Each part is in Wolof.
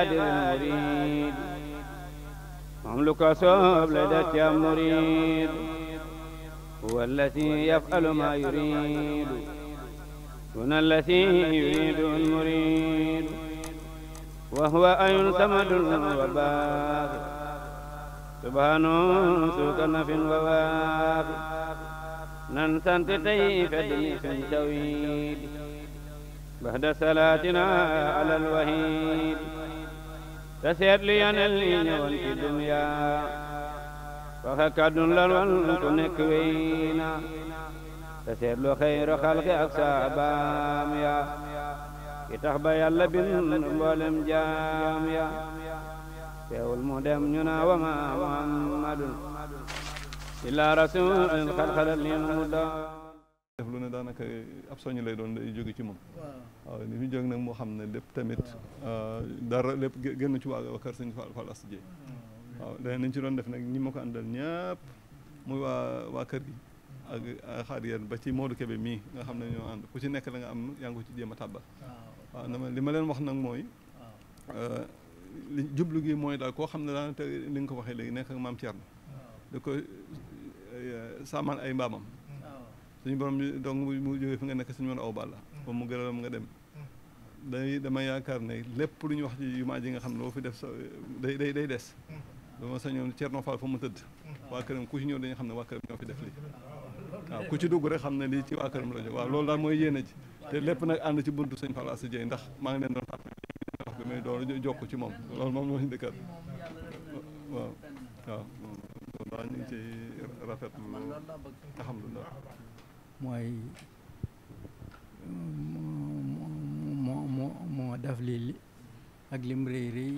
xaadir murid moom lu ko soob la def ca murid huwa allati yafalu ma yuridu duna allati yuridu al-murid wa huwa ayun samadun wa baaq subhaanun suuka nafin wa waaq nan sant tey feddli suñ tawhid bahda salaatina ala al-wahiid te seetlu yonel yi ñëwoon ci dunya waxe kàddu lan wan ku nekk wéy na te seetlu xayru xalqi ak saabaam ya ki tax ba yàlla bind mboolem jaam ya teewul mu dem ñu naa wa ma muhammadun illa rasulun xalxalal li mu doon ne daanaka ab soñu lay doon day jóge ci moom waaw li fi jóg nag moo xam ne lépp tamit ah, dara lépp génn ci waa sëñ Fall Fall nañ ci doon def nag ñi ma ko àndal muy waa waa kër gi ak xaar yéen ci Modou Kébé mii nga xam ne ñoo ànd ku ci nekk la nga am yaa ngi ci jéem a tàbbal li ma leen wax nag mooy ah, li jublu gi mooy daal koo xam ne daanaka li nga ko waxee léegi nekk ak maam Thierno da ko eh, saamal ay mbaamam suñu borom donc mu jógee fi nga nekk suñu mën aw bàlla mm. moom mu gërëm nga dem mm. day dama yaakaar ne lépp lu ñu wax ci jumaa ji nga xam ne loo fi def sa day day day des mm. dama sa ñoom Thierno Fall fa mu tëdd waa këram ku ci ñëw dañu xam ne waa këram ñoo def lii ku ci dugg rek xam ne lii ci waa këram la jóg waaw loolu daal mooy yéene ji te lépp nag ànd ci buntu sëñ Fall Asta Dieye ndax maa ngi leen doon fàttali wax bi may doon ci moom loolu moom moo ñu dëkkal waaw waaw loolu daal ñu ngi ciy rafetlu alhamdulilah mooy moo moo moo def lii ak lim rëy rëy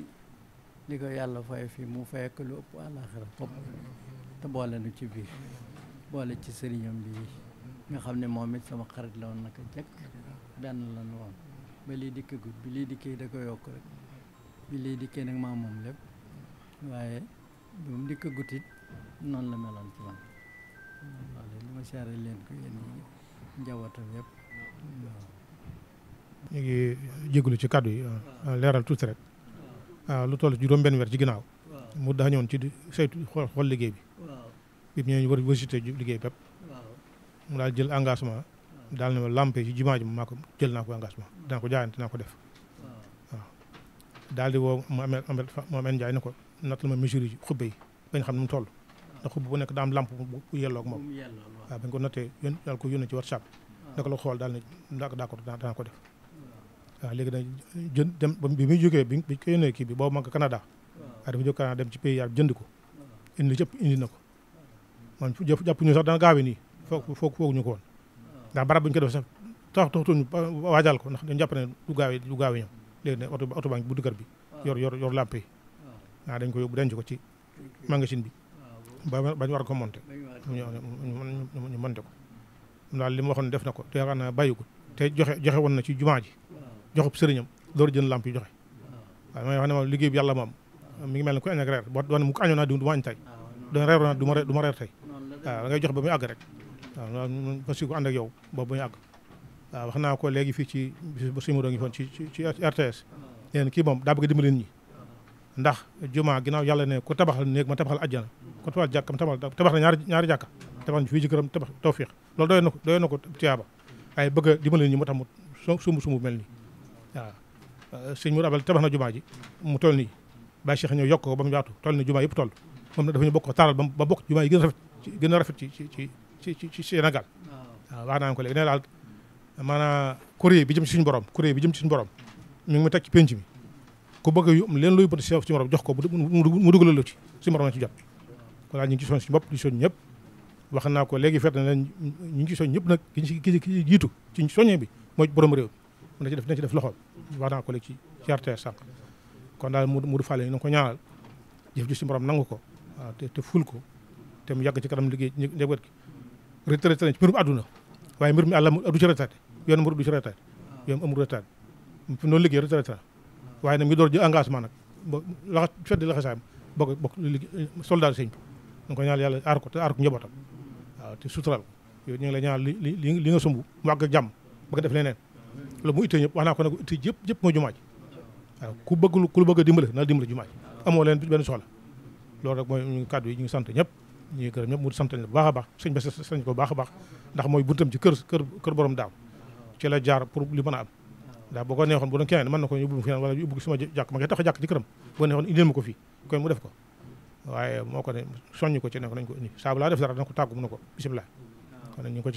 li ko yàlla fay fii mu fekk lu ëpp àllaaxira fopp te boole nu ci biir boole ci sëriñam bi nga xam ne moom it sama xarit la woon naka jekk benn la nu woon ba lii dikk gudd bi lii dikkee da ko yokk rek bi lii dikkee nag maa moom lépp waaye bi mu dikk gudd it noonu la meloon ci man wala li ma siyaare ngi jégalu ci kàddu yi ah, leeral tuuti rek ah, lu toll juróom benn weer ci ginnaaw mu daa ñëwoon ci saytu xool xool liggéey bi bi ñooñu war visité liggéey bépp mu daal jël engagement daal ne ma lampe yi jumaa ji jël naa ko engagement dinaa ko jaayante dinaa ko def daal di woo mu amee amee Ndiaye ko nattal ma mesure yi xubbe xam ne mu toll ndax xubb bu nekk daa lamp bu yelloog moom waaw bañ ko noté daal ko yónnee ci WhatsApp naka la xool daal ne d'accord danaa ko def waaw léegi nag jën dem bi muy jógee bi bi ko yónnee kii bi boobu mag Canada waaw dafa jóg Canada dem ci pays yàlla jënd ko indi cëpp indi na ko man jàpp ñu sax dana gaawee nii foog foog ñu ko woon ndax barab bu ñu ko def sax tax taxutuñu waajal ko ndax dañu jàpp ne du gaawee du gaawee ñëw léegi ne oto oto baa ngi bu dëgër bi yor yor yor làmp yi ko yóbbu denc ko ci magasin bi ba bañ war ko monté ñu monté ko daal li mu waxoon def na ko te yaakaar naa ko te joxe joxe woon na ci jumaa ji joxub sëriñam loolu jënd lamp yi joxe waaye may wax ne liggéey yàlla moom mi ngi mel ne ku añ ak reer boo doon mu ko añoon naa diw du ma añ tey doon reeroon naa du ma du ma reer tey waaw ngay jox ba muy àgg rek waaw parce que ak yow boobu ba muy àgg wax naa ko léegi fii ci ba suñu mu doon ngi foon ci ci RTS neen ah. kii moom daa bëgg dimbali nit ñi ndax juma ginnaaw yàlla ne ku tabaxal néeg ma tabaxal ajjana ku tabaxal jàkkam tabax tabax na ñaari ñaari jàkka tabax na fii ci këram tabax tawfiix loolu doy na ko doy na ko tiyaaba waaye bëgg a dimbali ñi mu tax mu sumb sumb mel nii waaw euh, sëñ Mourou Abel tabax na jumaa ji mu toll nii bàyyi Cheikh ñëw yokk ba mu yaatu toll ni jumaa yëpp toll moom na dafa ñu bokk ko taaral ba bokk jumaa yi gën a rafet gën a rafet ci ci ci ci ci Sénégal waaw wax naa ko léegi ne daal bi jëm ci suñu borom kuréel bi jëm ci suñu borom mi ngi mu teg ci penc mi ku bëgg yu am leen luy bët si morom jox ko mu dugalal la ci si morom na ci jot kon daal ñu ci soñ suñu wax naa ko léegi fekk na ñu ngi ci soñ ñëpp nag ki ci ki ci jiitu ci soññee bi mooy borom réew mi na ci def na ci def loxo wax naa ko léegi ci RTS sànq kon daal Modou Fall ñu ko ñaanal jëf ji si morom nangu ko te te ful ko te mu yàgg ci kanam liggéey njaboot gi retraité nañ ci mbirum waaye mbir mi àlla du ci retraité yoon mbir du ci retraité yoon amul mu noonu liggéey retraité waaye nag mu ngi door jël engagement nag ba laxa fedd laxasaayam bokk bokk soldat sëñ bi da ko ñaanal yàlla aar ko te aar ko njabootam waaw te sutural ko ñu ngi lay ñaanal li li li nga sumb mu àgg ak jàmm ba nga def leneen loolu mu ittee ñëpp wax naa ko nag ittee yëpp yëpp mooy jumaa ku bëgg ku bëgg a dimbale naa dimbale jumaa ji amoo leen benn soxla loolu rek mooy ñu kaddu yi ñu ngi sant ñëpp ñu ngi gërëm ñëpp mu sant leen baax a baax sëñ bi sañ ko baax a baax ndax mooy buntam ci kër kër kër borom daaw la jaar pour li mën a am ndax boo ko neexoon bu doon keneen mën na ko yóbbu fi naan wala yóbbu suma jàkk ma tax a jàkk boo neexoon indil ma ko fii kon mu def ko waaye moo ko ne soññ ko ci ne ko nañ ko indi saabu laa ko ko bisimilah kon ñu ngi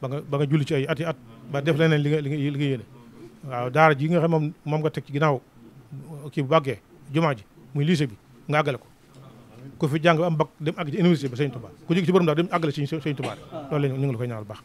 ba nga ba nga ba li nga li nga yéene waaw daara ji nga xam moom moom teg ci ginnaaw kii bu bàggee jumaa ji muy lycée bi nga àggale ko ku fi jàng am bac dem àgg ci université ba sëñ la ñu ngi la koy ñaanal baax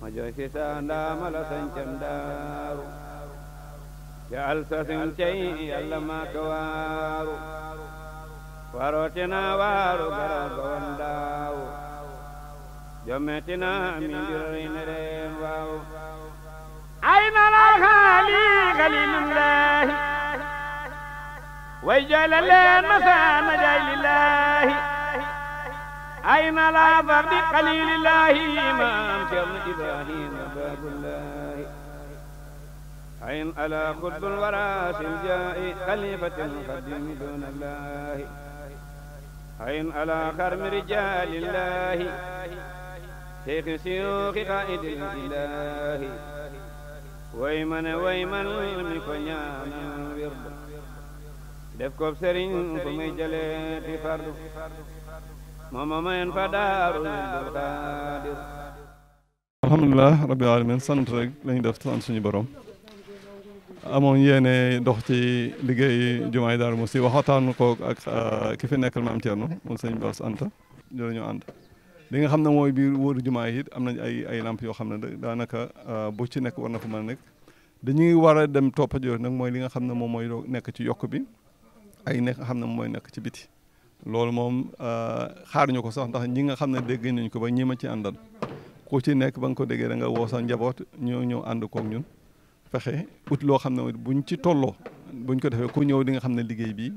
ma jooy si sa ndaama la sañcam daaru jaal sa sin cay maa ka waaru waroote naa waaru garaaw ba wan daawu jommete naa mi ndiroy ne reen ay na la xaali xalilullaahi way jooy la ma saana jaay lillaahi ay na laa fardi xalilillaahi maam Cerno Ibrahima baabullaahi ay na alaa xutbul waraasil jaa'i xalifatil xadimi doonallaahi ay na alaa xarmi rijaalillaahi seyxi siyuuxi qaa'idil ilaahi way ma way man mi ko ñaanal wirdu ko sëriñ fu muy jëlee di mamamayen fa daarul muqtadir alhamdulilah rabbil alamin sant rek lañu def sant suñu borom amoon yéene dox ci liggéey jumaay Daaru Musti waxataan ko ak euh, ki fi nekkal maam Thierno moom sëñ Bass Anta loolu ñu li nga xam ne mooy biir wóoru jumaa yi am nañ ay ay lamp yoo xam ne daanaka euh, bu ci nekk war na fa ma a nekk dañuy war a dem topp a nag mooy li nga xam ne moom mooy nekk ci yokk bi ay nekk xam ne mooy nekk ci biti loolu moom euh, xaaruñu ko sox ndax ñi nga xam ne dégg nañ ko ba ñi ma ci àndal ku ci nekk ba nga ko déggee da nga woo sa njaboot ñoo ñëw ànd kook ñun fexe ut loo xam ne buñ ci tolloo buñ ko defee ku ñëw di nga xam ne liggéey bi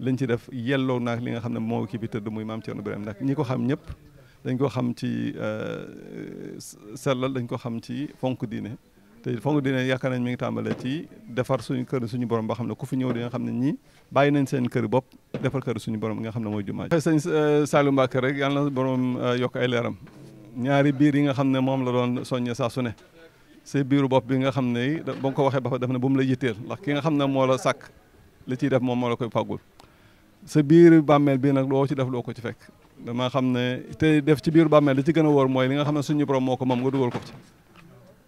lañ ci def yelloo naag li nga xam ne moo kii bi tëdd muy maam Thierno Birahim ndax ñi ko xam ñëpp dañ ko xam ci euh, sellal dañ ko xam ci fonk diine te fonk dina yaakaar nañ mi ngi tàmbale ci defar suñu kër suñu borom ba xam ne ku fi ñëw di nga xam ne ñii bàyyi nañ seen kër bopp defar kër suñu borom nga xam ne mooy jumaa ji sëñ euh, Saliou Mbacké rek yàlla na borom euh, yokk ay ñaari biir yi nga xam ne moom la doon soññe saa su ne si biiru bopp bi nga xam ne ba nga ko waxee ba fa def ne bu mu la ndax ki nga xam ne moo la sàkk li ciy def moom moo la koy fàggul sa biir bàmmeel bi nag loo ci def loo ko ci fekk dama xam ne te def ci biir bàmmeel li ci gën a wóor mooy li nga xam ne suñu borom moo ko moom nga dugal ko ci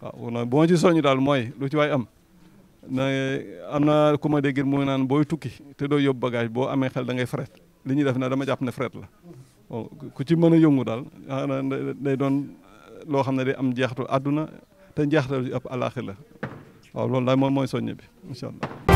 waaw non boo ci soññu daal mooy lu ci waay am na am na ku ma déggee mu naan booy tukki te doo yóbbu bagage boo amee xel da ngay fret li ñuy def na dama jàpp na fret la oh, ku ci mën a yëngu daal day doon loo xam ne day am jeextu àdduna te njeextal yu ëpp àllaaxira la waaw loolu daal moom mooy soññe bi incha allah